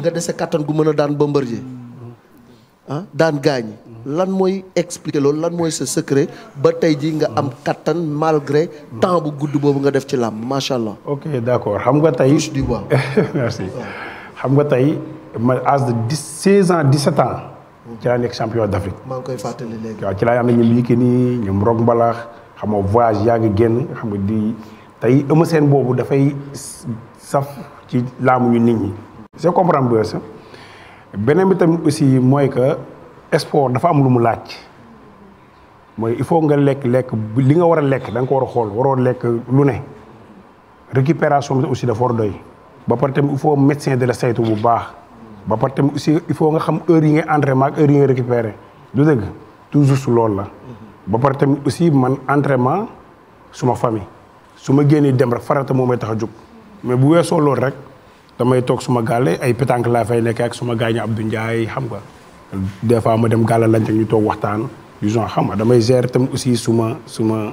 nga dese kàttan gu mën a daan Bombardier ah daan gaañ lan mooy expliquer loolu lan mooy sa secret ba tey ji nga am kàttan malgré temps bu gudd boobu nga def ci làmb macha allah. ok d'accord xam nga tey touche xam nga tey ma âge de dix seize ans dix sept ans. ci laa nekk champion d'Afrique. koy fàttali léegi. waaw ci laa am na ñoom Yékini ñoom Rock Mbalax xam nga yaa ngi génn xam di tey ëmm seen boobu dafay saf ci laamu ñu nit ñi. c'est comprendre bu sax beneen bi tamit aussi mooy que sport dafa am lu mu laaj mooy il faut nga lekk lekk li nga war a lekk da nga ko war a xool waroo lekk lu ne récupération bi aussi dafa war doy ba pare tamit il faut médecin de la saytu bu baax ba pare tamit aussi il faut nga xam heure yi ngay entraînement ak heure yi ngay récupérer du dëgg toujours su lool la ba pare tamit aussi man entraînement suma famille suma ma génnee dem rek farata moom may tax a jóg mais bu weesoo loolu rek damay toog suma gàlle ay pétanque laa fay nekk ak suma gaañu Abdou Ndiaye xam nga des fois ma dem gàlla lañ ñu toog waxtaan du genre xam nga damay gérer tam aussi suma suma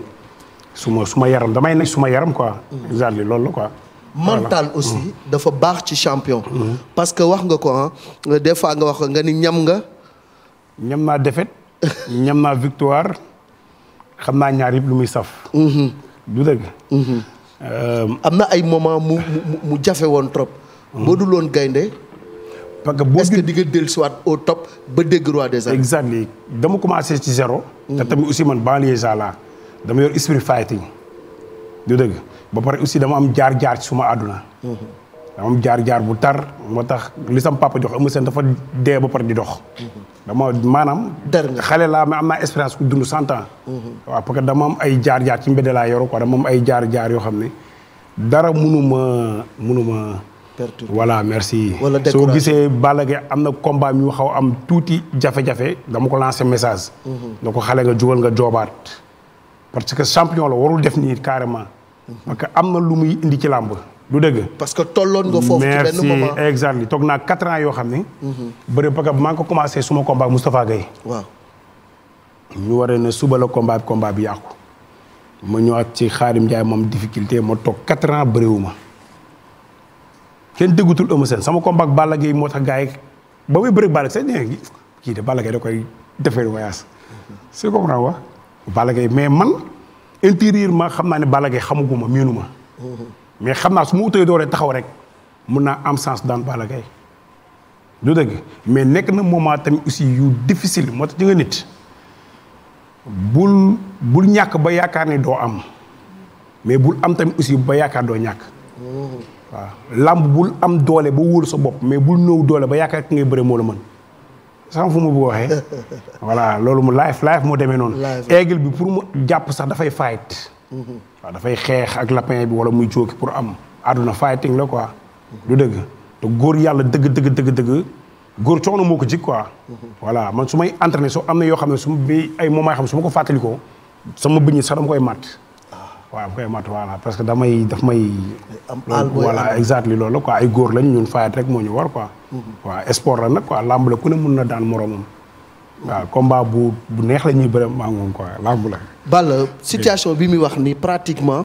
suma suma yaram damay nekk suma yaram quoi exactement loolu la aussi mm. dafa baax ci champion mm. parce que wax nga ko ah des fois nga wax nga ni ñam nga ñam naa défaite ñam naa victoire xam naa ñaar yëpp lu muy saf mm-hmm. du dëgg mm-hmm. euh, am na ay moment mu mu jafe woon trop boo dul loon gaynde parce que boo est-ce que di nga dellusiwaat au top ba dégg roi des arènes. exactement dama commencé ci zéro. te mm-hmm. aussi man banlieusard laa dama yor esprit fighting du dëgg ba pare aussi dama am jaar jaar suma àdduna. Mm-hmm. dama am jaar jaar bu tar moo tax li sam papa jox Eumeu seen dafa dee ba pare di dox. Mm-hmm. dama maanaam. dër nga xale laa mais am naa expérience ku dund cent ans. waaw parce dama am ay jaar jaar ci mbedd laa yoru ko dama am ay jaar jaar yoo xam ne dara mënu ma mënu ma. perturbé voilà merci. wala soo gisee Balla Gaye am na combat mi xaw am tuuti jafe-jafe dama ko lancé message. Mhm. na ko xale nga jugal nga joobaat. parce que champion la warul def nii carrément. Mhm. parce que am na lu muy indi ci làmb. lu dëgg parce que tolloon nga foofu ci benn moment toog naa quatre ans yoo xam ne. Mhm. bëri parce que maa ngi ko commencé suma combat ak Moustapha Gueye. waaw. ñu waree ne suba la combat combat bi yàqu. ma ñëwaat ci Xaadim Ndiaye moom difficulté ma toog quatre ans bëriwuma. kenn déggatul Eumeu seen sama combat ak Balla moo tax gars yi ba muy bëri Balla Gaye sax kii de Balla Gaye da koy defee voyage c'est comprendre wa Balla Gaye mais man intérieurement xam naa ne Balla Gaye xamaguma miinu ma mais xam naa su ma utee dooree taxaw rek mun naa am sens daan Balla Gaye dëgg mais nekk na mooma tamit aussi yu difficil moo tax di nit bul bul ñàkk ba yaakaar ni doo am mais bul am tamit aussi ba yaakaar doo ñàkk waaw làmb bul am doole ba wóor sa bopp mais bul néew doole ba yaakaar ki ngay bëre moo la man sax fu ma bëgg waxee voilà loolu mu life life moo demee noonu aigle bi pour mu jàpp sax dafay fight mhm. waaw dafay xeex ak lapin bi wala muy jóoki pour am àdduna fighting la quoi mhm. du dëgg te góor yàlla dëgg dëgg dëgg dëgg góor coono moo ko jig quoi mhm. voilà man su may entraîné soo am na yoo xam ne su ma bi ay moment xam ko fàttalikoo sama bëñ sax dama koy màtt waaw koy mat voilà parce que damay daf may. am àll voilà exactly loolu quoi ay góor lañ ñun fayat rek moo ñu war quoi. Mm-hmm. waaw sport la nag quoi làmb la ku ne mun na daan moromam. waaw combat bu bu neex la ñuy bëre maa ngi moom quoi làmb la. Balla situation bi muy wax ni pratiquement.